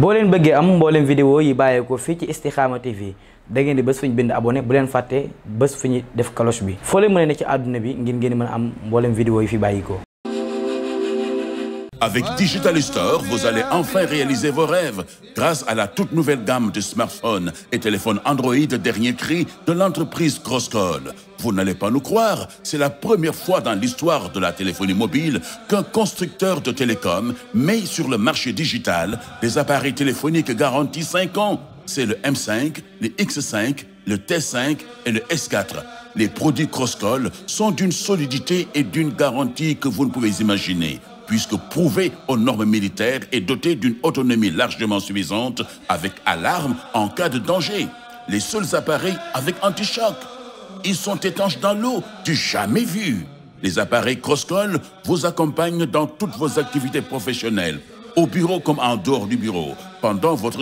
boo leen bëggee am mbooleem vidéo yi bàyyeekoo fii ci Istikhama TV da ngeen di bés fu ñu bind abonné bu leen fàtte bés fu ñu def cloche bi foo leen mën ci àdduna bi ngir ngeen mën am mbooleem vidéo yi fi bàyyikoo Avec Digital Store, vous allez enfin réaliser vos rêves grâce à la toute nouvelle gamme de smartphones et téléphones Android dernier cri de l'entreprise Crosscall. Vous n'allez pas nous croire, c'est la première fois dans l'histoire de la téléphonie mobile qu'un constructeur de télécom met sur le marché digital des appareils téléphoniques garantis 5 ans. C'est le M5, le x le T5 et le S4. Les produits Crosscall sont d'une solidité et d'une garantie que vous ne pouvez imaginer puisque prouvé aux normes militaires et doté d'une autonomie largement suffisante avec alarme en cas de danger. Les seuls appareils ils sont étanches dans l'eau, tu jamais vu. Les appareils Crosscall en dehors du bureau, pendant votre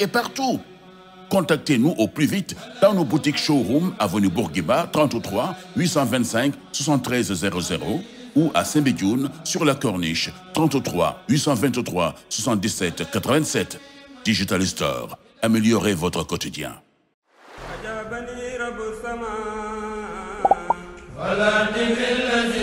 et partout. Contactez-nous au plus vite dans nos boutiques showroom avenue Bourguiba 33 825 73 à Soumbédioune sur la Corniche 33 823 77 87 Digital Store améliorer votre quotidien.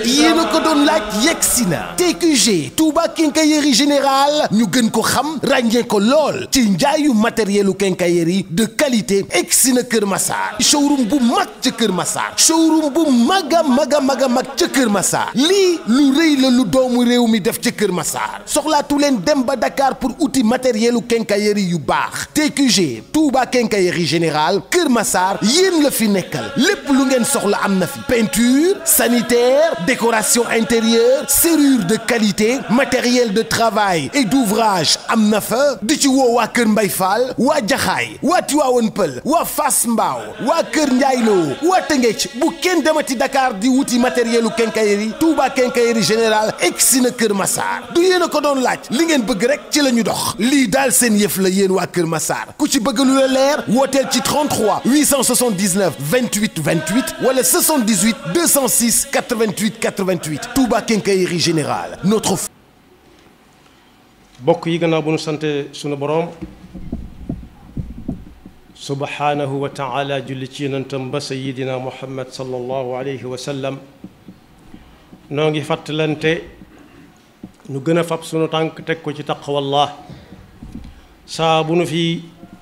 yéen a ko doon laaj yegg si na TQG Touba Quincaillerie général ñu gën ko xam ràññee ko lool ci njaayu matérielu quincaillerie de qualité egg na Kër Massar showroom bu mag ca Kër Massar showroom bu mag a mag a mag ca Kër Massar lii lu rëy la lu doomu réew mi def ca Kër Massar soxlaatu leen dem ba dakaar pour outil matérielu quincaillerie yu baax TQG Touba Quincaillerie général Kër Massar yéen la fi nekkal lépp lu ngeen soxla am na fi peinture sanitaire décoration intérieure serrure de qualité matériel de travail et d'ouvrage am na fa di ci woo waa Kër Mbay Fall waa Jaxaay waa Tiwaawan wa waa Fass Mbao waa Kër Njaayloo waa Tëngéej bu kenn demati Dakar di wuti matériel u quincaillerie Touba quincaillerie générale egsi na Kër Massar du yéen a ko doon laaj li ngeen bëgg rek ci la ñu dox lii daal seen yëf la yéen waa Kër Massar ku ci bëgg lu la leer wooteel ci 33 879 28 28 wala 78 206 88 88 Touba Quincaillerie Générale notre. bokk yi gannaaw bu nu sant sunu boroom subhaanahu wa taala julli ci yonentam ba sayidina muhammad sallallahu alayhi wa sallam noo ngi fàttalante nu gën a fab sunu tànk teg ko ci taqwallah saa bu nu fi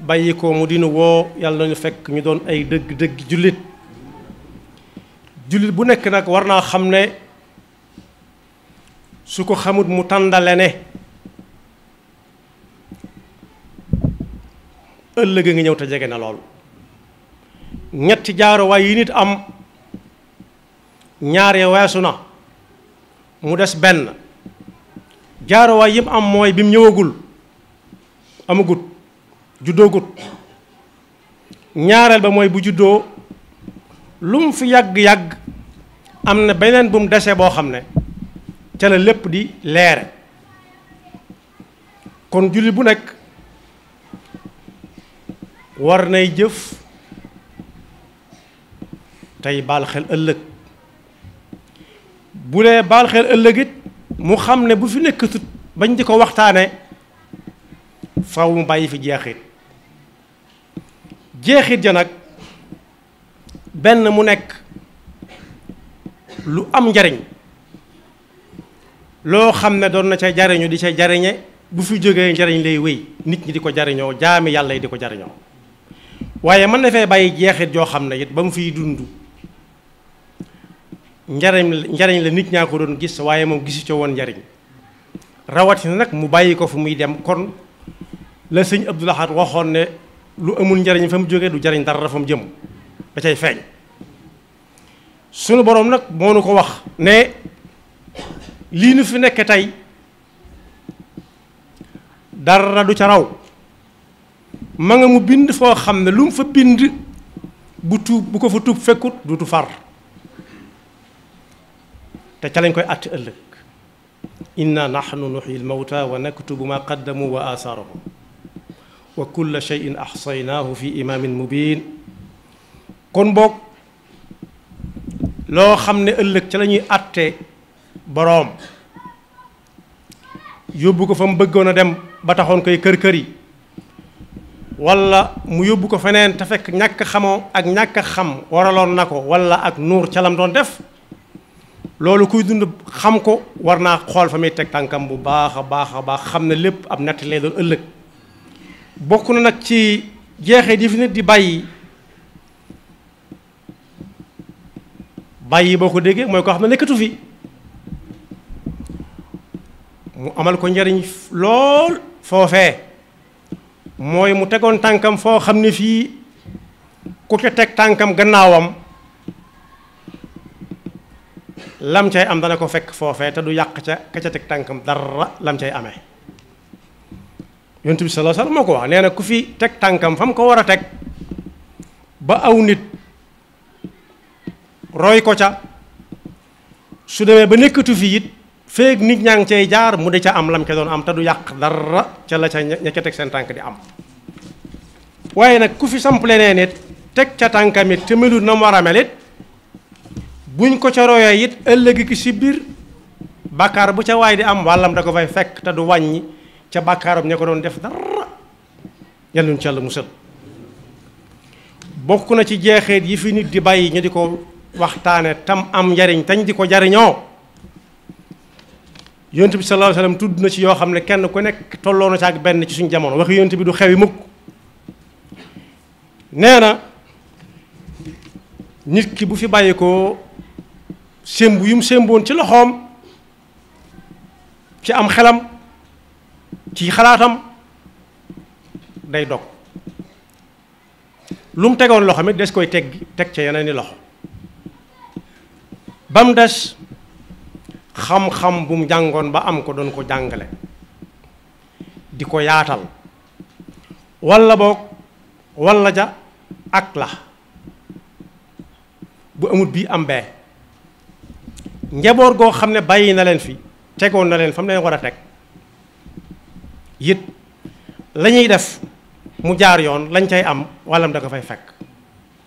bàyyi ko mu dinu woo yàlla nañu fekk ñu doon ay dëgg-dëgg jullit jullit bu nekk nag war naa xam ne su ko xamut mu tàndale ne ëllëg a ngi ñëw te jege na lool ñetti jaaruwaay yi nit am ñaar weesu na mu des benn jaaruwaay yim am mooy mu ñëwagul amagut juddoogut ñaareel ba mooy bu juddoo lu mu fi yàgg-yàgg am na beneen bu mu dese boo xam ne ca la lépp di leere kon jullit bu nekk war nay jëf tey baal xel ëllëg bu dee baal xel ëllëg mu xam ne bu fi nekkatut bañ di ko waxtaane faw mu bàyyi fi jeexit jeexit ja nag benn mu nekk lu am njariñ loo xam ne doon na ca jariñu di ca jariñe bu fi jógee njariñ lay wéy nit ñi di ko jariñoo jaami yàlla yi di ko jariñoo waaye mën na fee bàyyi jeexit yoo xam ne it ba mu fi dund njariñ njariñ la nit ñaa ko doon gis waaye moom gisu ca woon njariñ rawatina nag mu bàyyi ko fu muy dem kon la sëñ Abdou Lahad waxoon ne lu amul njariñ fa mu jógee du jariñ dara fa mu jëm da cay feeñ sunu boroom nag moo nu ko wax ne lii nu fi nekk tey dara du ca raw ma nga mu bind foo xam ne lu mu fa bind bu tuub bu ko fa tuub fekkut dutu far te ca lañ koy àtt ëllëg inna nahnu nuxyi lmawta wa naktubu ma qaddamu wa asaarahum wa kulla cheyin axsaynaahu fi imaamin mubin kon boog loo xam ne ëllëg ca lañuy ñuy àtte boroom yóbbu ko fa mu bëggoon a dem ba taxoon koy kër kër yi wala mu yóbbu ko feneen te fekk ñàkk xamoo ak ñàkk xam waraloon na ko walla ak nuur ca lam doon def loolu kuy dund xam ko war naa xool fa muy teg tànkam bu baax a baax a baax xam ne lépp ab natt lay doon ëllëg bokk na nag ci jeexee di fi nit di bàyyi bàyyi boo ko déggee mooy ko xam ne nekkatu fi mu amal ko njariñ lool foofee mooy mu tegoon tànkam foo xam ne fii ku ca teg tànkam gannaawam lam am dana ko fekk foofee te du yàq ca ka ca teg tànkam dara lam cay amee yontu bi moo ko wax nee na ku fi teg tànkam fa mu ko war a teg ba aw nit roy ko ca su demee ba nekkatu fi it feeg nit ñaa ngi cay jaar mu de ca am lam ca doon am te du yàq dara ca la ca ña ca teg seen tànk di am waaye nag ku fi samp leneen it teg ca tànkamit te melut na mu war a mel it buñ ko ca royee it ëllëg ki si biir bàkkaar bu ca waay di am wàllam da ko fay fekk te du wàññi ca bàkkaaram ña ko doon def dara yàlla nu ca la musal bokk na ci jeexeet yi fi nit di bàyyi ñu di ko waxtaane tam am njariñ tañ di ko jariñoo yonent bi sallallahu alayhi wasallam tudd na ci yoo xam ne kenn ku nekk tolloo na ci ak benn ci suñ jamono waxi yont bi du xewi mukk nee na nit ki bu fi bàyyi ko sémb yu mu sémboon ci loxoom ci am xelam ci xalaatam day dog lu mu tegoon loxo mi des koy teg teg ca yeneen loxo ba mu des xam-xam bu mu jàngoon ba am ko doon ko jàngale di ko yaatal walla boog walla ja ak la bu amut bii am bee njaboot goo xam ne bàyyi na leen fi tegoon na leen fa mu leen war a teg it la ñuy def mu jaar yoon lañ cay am wàllam da ko fay fekk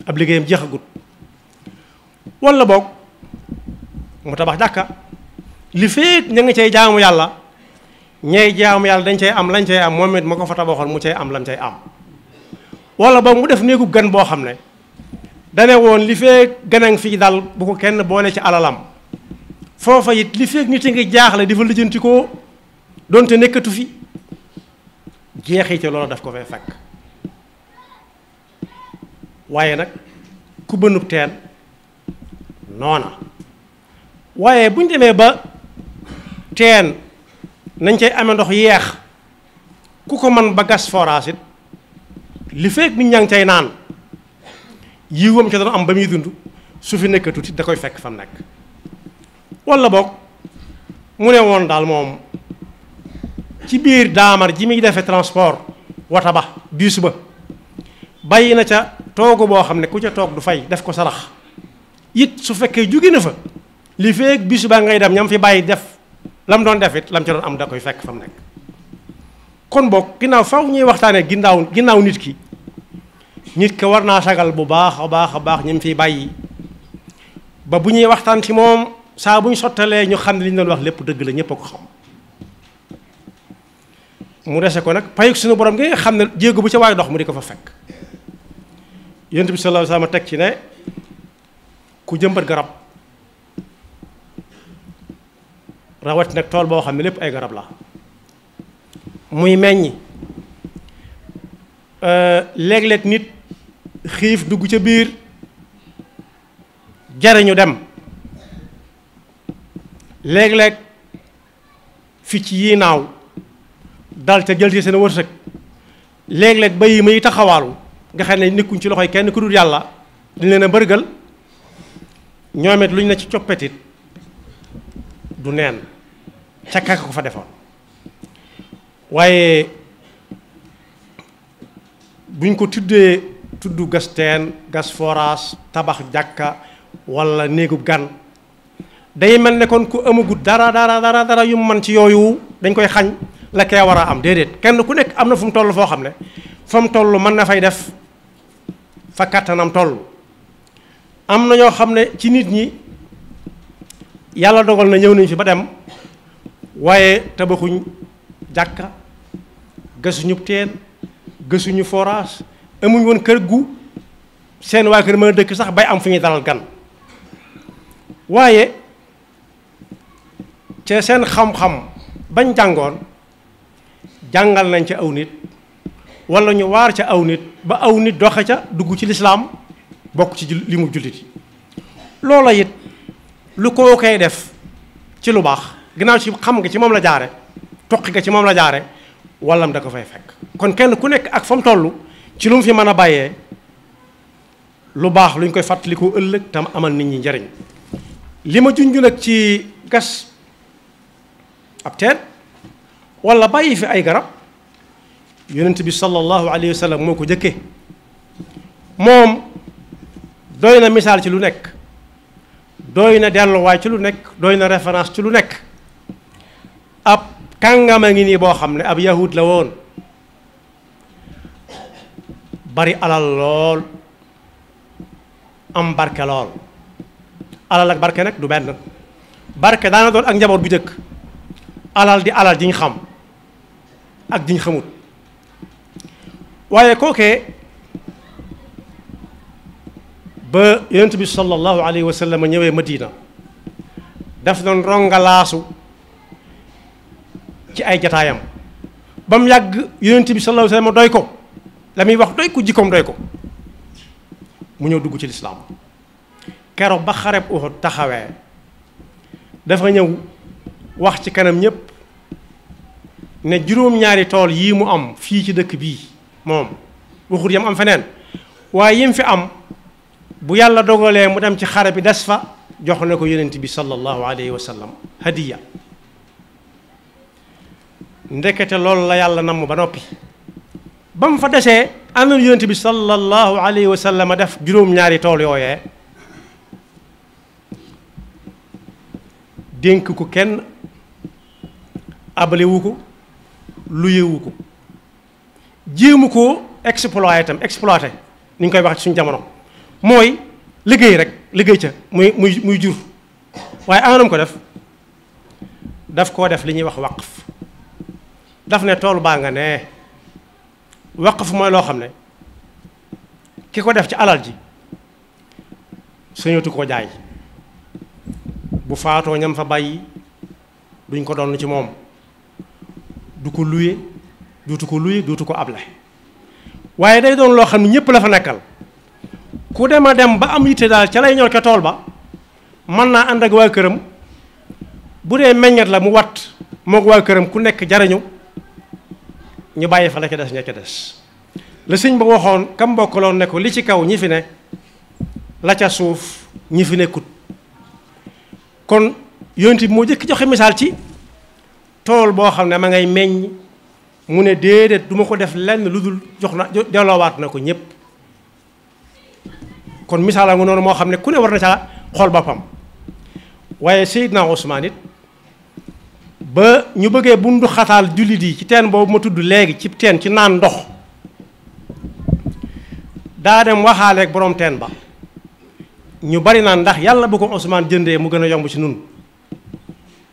ab liggéeyam jeexagut walla boog mu tabax jàkka li feeg ña ngi cay jaamu yàlla ñay jaamu yàlla dañ cay am lañ cay am moom it ma ko fa tabaxoon mu cee am lañ cay am wala boog mu def néegu gan boo xam ne dane woon li feeg ganang fii dal bu ko kenn boole ci alalam foofa it li feeg nit ngi jaaxle di fa lijjanti koo donte nekkatu fi jeexite loolu daf ko fay fekk waaye nag ku bënub teen noona waaye bu ñu demee ba teen nañ cay ame ndox yeex ku ko man ba gas forage li fekk nit ñaa ngi cay naan woom ca doon am ba muy dund su fi nekk tuuti da koy fekk fam nekk walla boog mu ne woon daal moom ci biir daamar ji muy defee transport wata ba biis ba bàyyi na ca toogu boo xam ne ku ca toog du fay def ko sarax it su fekkee jóge na fa li feeg bis baa ngay dem ñam fi bàyyi def lam doon def it lam ci doon am da koy fekk fa mu nekk kon boog ginnaaw faw ñuy waxtaanee ginnaaw ginnaaw nit ki nit ki war naa sagal bu baax a baax a baax ñu ñam fiy bàyyi ba bu ñuy waxtaan ci moom saa bu ñu sottalee ñu xam ne li ñu doon wax lépp dëgg la ñëpp a ko xam mu dese ko nag payug suñu borom gi nga xam ne jéego bu ca waay dox mu di ko fa fekk yonent bi sallallahu alayhi wa teg ci ne ku jëmbat garab. rawati nag tool boo xam ne lépp ay garab la muy meññi euh, léeg-léeg nit xiif dugg ca biir jariñu dem léeg-léeg picc yi naaw dal ca jël ci seen wërsëg léeg-léeg ba yi may taxawaalu nga xam ne nekkuñ ci loxo yi kenn ku dul yàlla dañ leen a mbërgal ñoom it luñ ne ci coppetit du neen ca kaka ko fa defoon waaye buñ ko tuddee tudd gas teen gas forage tabax jàkka walla néegu gan day mel ne kon ku amagut dara dara dara dara yu man ci yooyu dañ koy xañ la kee war a am déedéet kenn ku nekk am na fu mu toll foo xam ne fa mu toll mën na fay def fa kattanam toll am na ñoo xam ne ci nit ñi yàlla dogal na ñëw nañ fi ba dem waaye tabaxuñ jàkka gasuñu teen gasuñu forage amuñ woon kër gu seen waa kër mën a dëkk sax bay am fu ñuy dalal gan waaye ca seen xam-xam bañ jàngoon jàngal nañ ca aw nit wala ñu waar ca aw nit ba aw nit doxe ca dugg ci lislaam bokk ci li mu jullit loola it lu koo koy def ci lu baax ginnaaw ci xam nga ci moom la jaare toq nga ci moom la jaare wallam da ko fay fekk kon kenn ku nekk ak fa mu toll ci lu mu fi mën a bàyyee lu baax lu ñu koy fàttaliku ëllëg tam amal nit ñi njariñ li ma junj ci gas ab teen wala bàyyi fi ay garab yonent bi sallallahu alayhi wa moo ko jëkke moom doy na misaal ci lu nekk doy na delluwaay ci lu nekk doy na référence ci lu nekk ab kàngama ngi nii boo xam ne ab yahud la woon bari alal lool am barke lool alal ak barke nag du benn barke daana doon ak njaboot bu jëkk alal di alal jiñ xam ak jiñ xamut waaye kookee ba yonent bi sallallahu alayhi wa sallam ñëwee Madina daf doon rongalaasu ci ay jataayam ba mu yàgg yonent bi sallallahu alayhi wa sallam doy ko la muy wax doy ko jikkoom doy ko mu ñëw dugg ci lislaam keroog ba xareb Uhud taxawee dafa ñëw wax ci kanam ñépp ne juróom-ñaari tool yii mu am fii ci dëkk bii moom waxut yam am feneen waaye yim fi am bu yàlla dogalee mu dem ci xare bi des fa jox ne ko yonent bi sallallahu alayhi wa sallam hadiya ndekkete loolu la yàlla namm ba noppi ba mu fa desee ànd na yonent bi sallallahu alayhi wa sallam def juróom-ñaari tool yooyee dénk ko kenn abalewu ko lu luyewu ko jéemu ko exploité tam exploité ni ñu koy wax ci suñu jamono mooy liggéey rek liggéey ca muy muy muy jur waaye anam ko def daf koo def li ñuy wax waqf daf ne tool baa nga ne waqf mooy loo xam ne ki ko def ci alal ji sañatu ko jaay bu faatoo ñam fa bàyyi duñ ko doon ci moom du ko luye duutu ko luye duutu ko able waaye day doon loo xam ne ñëpp la fa nekkal ku dem a dem ba am yitte daal ca lay ñor ca tool ba mën naa ànd ak waa këram bu dee meññeet la mu wat moog waa këram ku nekk jariñu ñu bàyyi fa la ca des ña ca des la sëñ ba waxoon kam bokkaloon ne ko li ci kaw ñi fi ne la ca suuf ñi fi nekkut kon yonent bi moo jëkk joxe misaal ci tool boo xam ne ma ngay meññ mu ne déedéet duma ko def lenn lu dul jox na delloowaat na ko ñépp kon misaal nga noonu moo xam ne ku ne war na caa xool boppam waaye Seydina Ousmane it ba ñu bëggee bundu jullit yi ci teen boobu ma tudd léegi ci teen ci naan ndox daa dem waxaaleeg borom teen ba ñu bari naan ndax yàlla bu ko Ousmane jëndee mu gën a yomb ci nun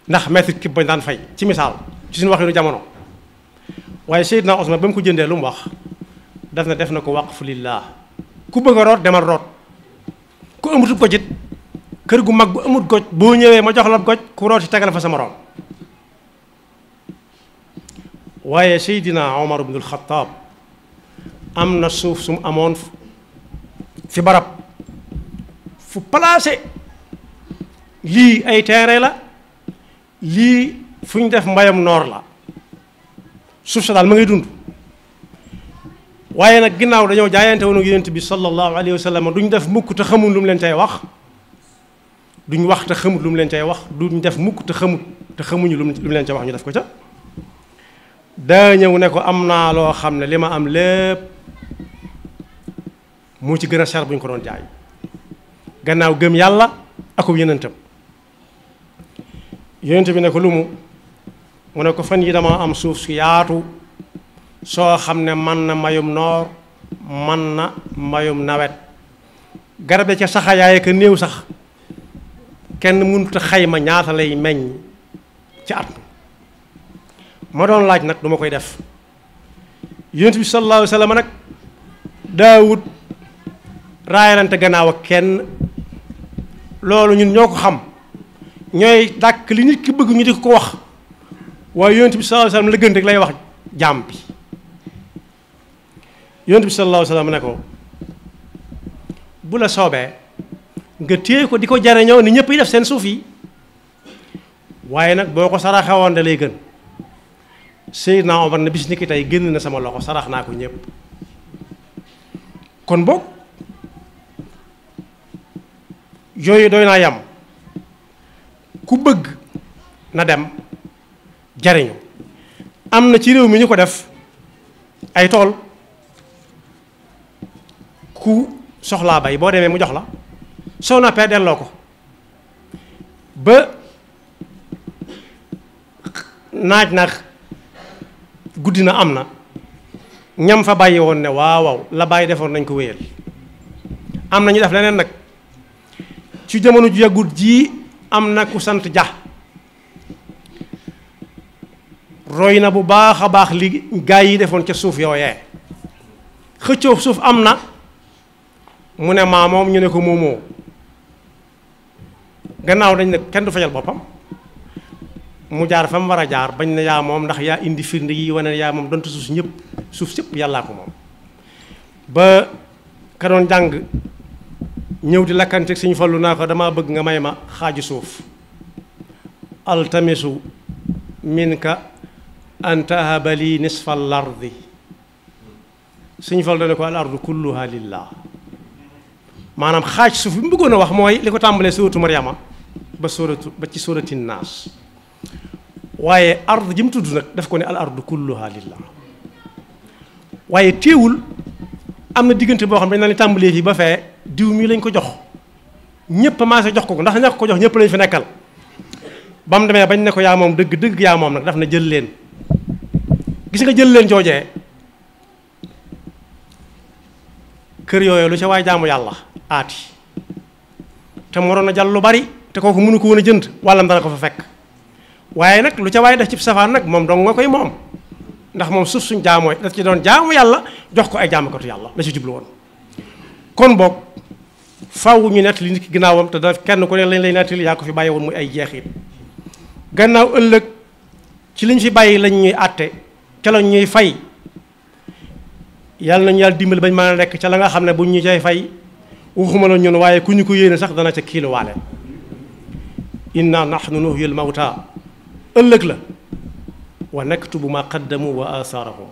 ndax mètre cube bañ daan fay ci misaal ci suñu waxinu jamono waaye Seydina Ousmane ba mu ko jëndee lu mu wax def na def na ko waqfu lillah ku bëgg a root demal root ku ëmbatut ko kër gu mag gu amut goj boo ñëwee ma jox la goj ku root ci tegal fa sa morom waaye seydinaa Omar ibnul Xataab am na suuf su amoon fi barab fu placé lii ay terrain la lii fu ñu def mbayam noor la suuf sa daal ma ngay dund waaye nag ginnaaw dañoo jaayante woon ak yonent bi sallallahu alayhi wa sallam duñ def mukk te xamul lu mu leen cay wax duñ wax te xamut leen tey wax duñ def mukk te te xamuñu lu mu leen ca wax ñu def ko ca daa ñëw ne ko am naa loo xam ne li ma am lépp mu ci gën a cher bu ñu ko doon jaay gannaaw gëm yàlla akub yonentam yonent bi ne ko lu mu mu ne ko fan yi dama am suuf su yaatu soo xam ne man na mayum noor man na mayum nawet garab ya ca saxa yaay ka néew sax kenn mënut a xayma ñaata lay meñ ci at ma doon laaj nag duma koy def yonent bi sallallahu alayhi wa nag daawut raayalante gannaaw ak kenn loolu ñun ñoo ko xam ñooy dàkk li nit ki bëgg ñu di ko wax waaye yonent bi sallallahu alayhi wa sallam la gën rek lay bu la soobee nga téye ko di ko jariñoo ni ñëpp yi def seen suuf yi waaye nag boo ko saraxewoon da lay gën Seydina Omar na bis ni ki tey génn na sama loxo sarax naa ko ñëpp kon boog yooyu doy naa yam ku bëgg na dem jariñu am na ci réew mi ñu ko def ay tool ku soxlaa bay boo demee mu jox la soo noppee delloo ko ba naaj nag guddi na am na ñam fa bàyyi woon ne waaw la bàyyi defoon nañ ko wéyal am na ñu def leneen nag ci jamono ju yàggut ji am na ku sant ja roy na bu baax a baax li gaa yi defoon ca suuf yooyee xëccoo suuf am na mu ne maa moom ñu ne ko moomoo gannaaw dañ ne kenn du fajal boppam mu jaar fa mu war a jaar bañ na yaa moom ndax yaa indi firnde yi wane yaa moom donte suuf si ñëpp suuf sëpp yàllaa ko moom ba ka doon jàng ñëw di lakkante suñu fallu naa ko damaa bëgg nga may ma xaaju suuf altamisu minka an tahabali nisfa lardi suñu fallu dane ko al ardu kulluha lillah maanaam xaaj suuf bi mu bëggoon a wax mooy li ko tàmbalee suratu mariama ba suratu ba ci surati naas waaye ard ji mu tudd nag def ko ne al ardu kulluha lillah waaye téewul am na diggante boo xam ne dañ ne tàmbalee fii ba fee diw mii lañ ko jox ñëpp a maase jox ko ko ndax ñàkk ko jox ñëpp lañ fi nekkal ba mu demee bañ ne ko yaa moom dëgg dëgg yaa nag daf na jël leen gis nga jël leen joojee kër yooyu lu ca waay jaamu yàlla aati te moroon na jàll lu bari te kooku mënu ko woon a jënd wàllam dana ko fa fekk waaye nag lu ca waaye def ci safaan nag moom dong nga koy moom ndax moom suuf suñ jaamoo daf ci doon jaamu yàlla jox ko ay jaamukatu yàlla la ci jublu woon kon boog faaw ñu nettali nit ki ginnaawam te daf kenn ku ne lañ lay nettali yaa ko fi bàyyi woon ay jeexit gannaaw ëllëg ci liñ fi bàyyi lañ ñuy àtte ca lañ ñuy fay yàlla nañu yàlla dimbali bañ mën a nekk ca la nga xam ne buñ ñu cay fay waxuma la ñun waaye ku ñu ko yéene sax dana ca kiiluwaale inna nahnu nuhyil mawta ëllëg la wa naktubu ma qaddamu wa athaarahum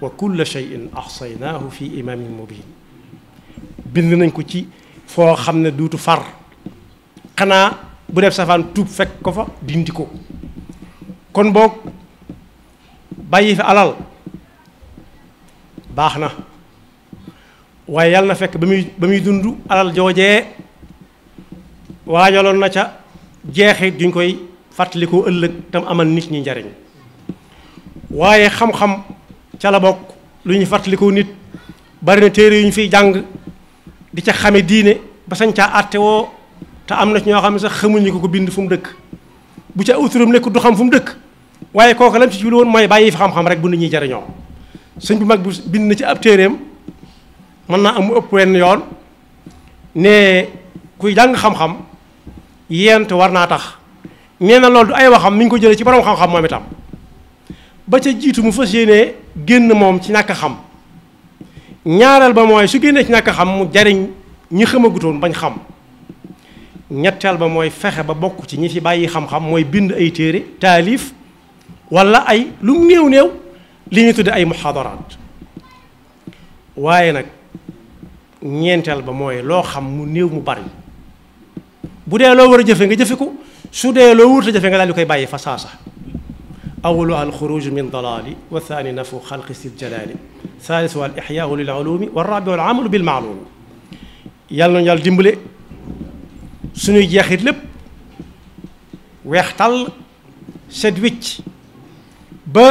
wa kulla shay'in ahsaynaahu fi imaamin mubin bind nañ ko ci foo xam ne duutu far xanaa bu def safaan tuub fekk ko fa dindi ko kon boog bàyyi fi alal baax na waaye yàlla na fekk ba muy ba muy dund alal joojee waajaloon na ca jeexit duñ koy fàttalikoo ëllëg tam amal nit ñi njariñ waaye xam-xam ca la bokk lu ñu fàttalikoo nit bari na téere yu ñu fiy jàng di ca xame diine basañ sañ caa àtte woo te am na ci ñoo xam ne sax xamuñu ko ko bind fu mu dëkk bu ca autorom nekk du xam fu mu dëkk waaye kooku lam ci jublu woon mooy bàyyi fi xam-xam rek bu nit ñi jariñoo sëñ bu mag bi bind na ci ab téereem mën naa am ëpp wenn yoon ne kuy jàng xam-xam yent war naa tax nee na loolu du ay waxam mi ngi ko jëlee ci borom xam-xam moom itam ba ca jiitu mu fas yéenee génn moom ci ñàkk xam ñaareel ba mooy su génnee ci ñàkk xam mu jariñ ñi xamagutoon bañ xam ñetteel ba mooy fexe ba bokk ci ñi fi bàyyi xam mooy bind ay téere taalif walla ay lu mu néew néew li ñu tudde ay muxaadaraat waaye nag ñeenteel ba mooy loo xam mu néew mu bari bu dee loo war a jëfe nga jëfe ko su dee loo wuute jafe nga daal di koy bàyyi fa saasa awalu al xuruj min dalaali wa thani nafu xalqi sil jalaali thalisu al ixyaau lil ulumi al amalu bil maalumi yàlla nañu yàlla dimbale suñuy jeexit lépp set wicc bu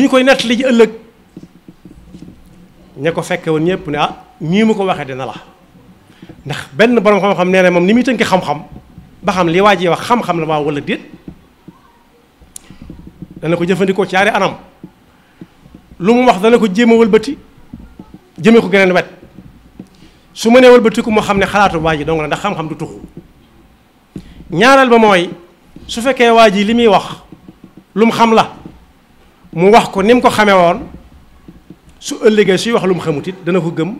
ñu koy nettali ji ëllëg ña ko fekke woon ñëpp ne ah ñii mu ko waxee dina la ndax benn borom xam-xam nee na moom ni muy tënki xam-xam ba xam li waa ji wax xam-xam la waa wala déet dana ko jëfandikoo ci yaari anam lu mu wax dana ko jéema a wëlbati jëmee ko geneen wet su ma nee wëlbatiku moo xam ne xalaatu waa ji dong la ndax xam-xam du tuxu ñaareel ba mooy su fekkee waa ji li muy wax lu mu xam la mu wax ko ni mu ko xamee woon su ëllëgee suy wax lu mu xamut it dana ko gëm.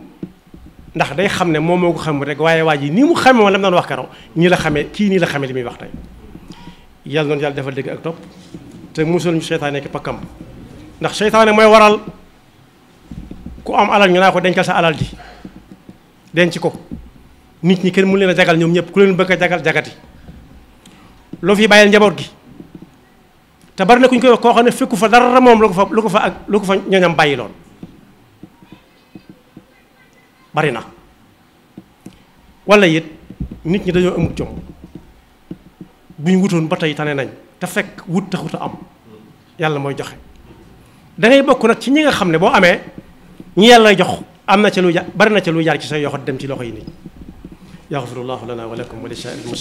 ndax day xam ne moom moo ko xamul rek waaye waa ji nii mu xame woon la mu doon wax karaw ñii la xamee kii nii la xamee li muy wax tey yàlla noonu yàlla defal dégg ak topp te musul ñu seytaane ki pakkam ndax seytaane mooy waral ku am alal ñu naa ko dencal sa alal ji denc ko nit ñi kenn mu leen a jagal ñoom ñëpp ku leen bëgg a jagal jagati loo fi bàyyil njaboot gi te bari na ku ñu koy wax koo xam ne fekku fa dara moom lu ko fa lu ko fa ak lu ko fa ñoñam bàyyi loon bari na yit nit ñi dañoo amut jom bu wutoon ba tey tane nañ te fekk wut taxut a am yàlla mooy joxe da bokk nag ci ñi nga xam ne boo amee ñi yàlla jox am na ca lu ja bari na ca lu jaar ci say yoxo dem ci loxo yi nit yaxfirullahu lana wa lakum wa li saa'iril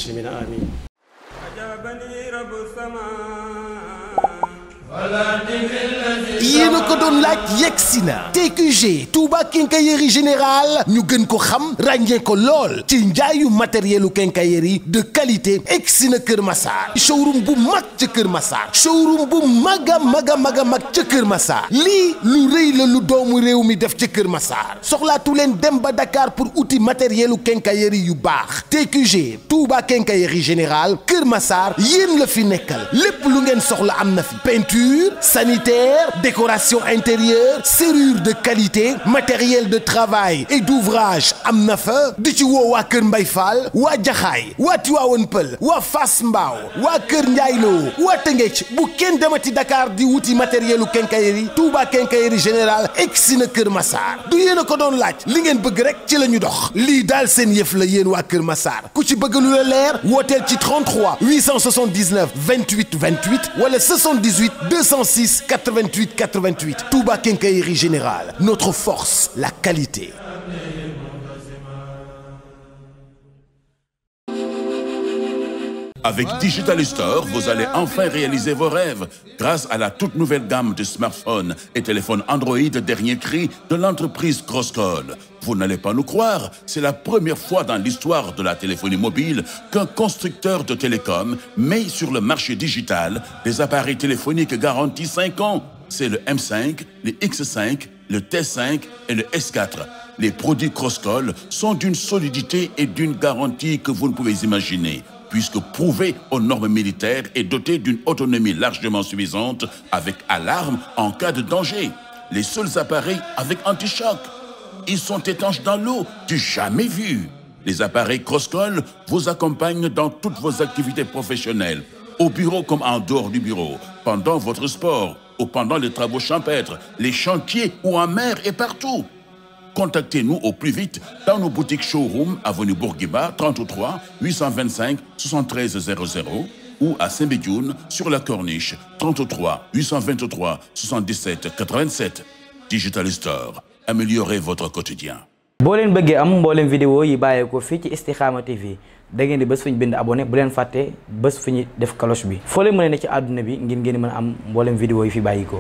yéen a ko doon laaj na si na TQG Touba Quincaillerie général ñu gën ko xam ràññee ko lool ci njaayu matérielu quincaillerie de qualité egg na Kër Massar showroom bu mag ca Kër Massar showroom bu mag a mag a mag ca Kër Massar lii lu rëy la lu doomu réew mi def ca Kër Massar soxlaatu leen dem ba dakaar pour outil matérielu quincaillerie yu baax TQG Touba Quincaillerie général Kër Massar yéen la fi nekkal lépp lu ngeen soxla am na fi peinture sanitaire décoration intérieure serrure de qualité matériel de travail et d'ouvrage am na fa di ci woo waa Kër Mbay Fall waa Jaxaay waa Tiwaawan Pël waa Fass Mbaaw waa Kër Njaayloo waa Tëngéej bu kenn demati Dakar di wuti matérielu quincaillerie Touba quincaillerie générale egsi na Kër Massar du yéen a ko doon laaj li ngeen bëgg rek ci la ñu dox lii daal seen yëf la yéen waa Kër Massar ku ci bëgg lu la leer wooteel ci 33 879 28 28 wala 78 206 88 88 Touba Quincaillerie Générale notre force la qualité Avec Digital Store, vous allez enfin réaliser vos rêves grâce à la toute nouvelle gamme de smartphones et téléphones Android dernier cri de l'entreprise Crosscall. Vous n'allez pas nous croire, c'est la première fois dans l'histoire de la téléphonie mobile qu'un constructeur de télécom met sur le marché digital des appareils téléphoniques garantis 5 ans. c'est le M5, le x le T5 et le S4. Les produits Crosscall sont d'une solidité et d'une garantie que vous ne pouvez imaginer, puisque prouvés aux normes militaires et dotés d'une autonomie largement suffisante avec alarme en cas de danger. Les seuls appareils avec anti Ils sont étanches dans l'eau, du jamais vu. Les appareils Crosscall vous accompagnent dans toutes vos activités professionnelles, au bureau comme en dehors du bureau, pendant votre sport ou pendant les travaux champêtres, les chantiers ou en mer et partout. Contactez-nous au plus vite dans nos boutiques showroom avenue Bourguiba 33 825 73 00 ou à Soumbédioune sur la Corniche 33 823 77 87. Digital Store, améliorez votre quotidien. boo leen bëggee am mbooleem vidéo yi bàyyeekoo da ngeen di bés fu ñu bind abonné bu leen fàttee bés fu ñu def cloche bi foo leen mën a ne ci àdduna bi ngir ngeen mën a am mboolem vidéo yi fi bàyyikoo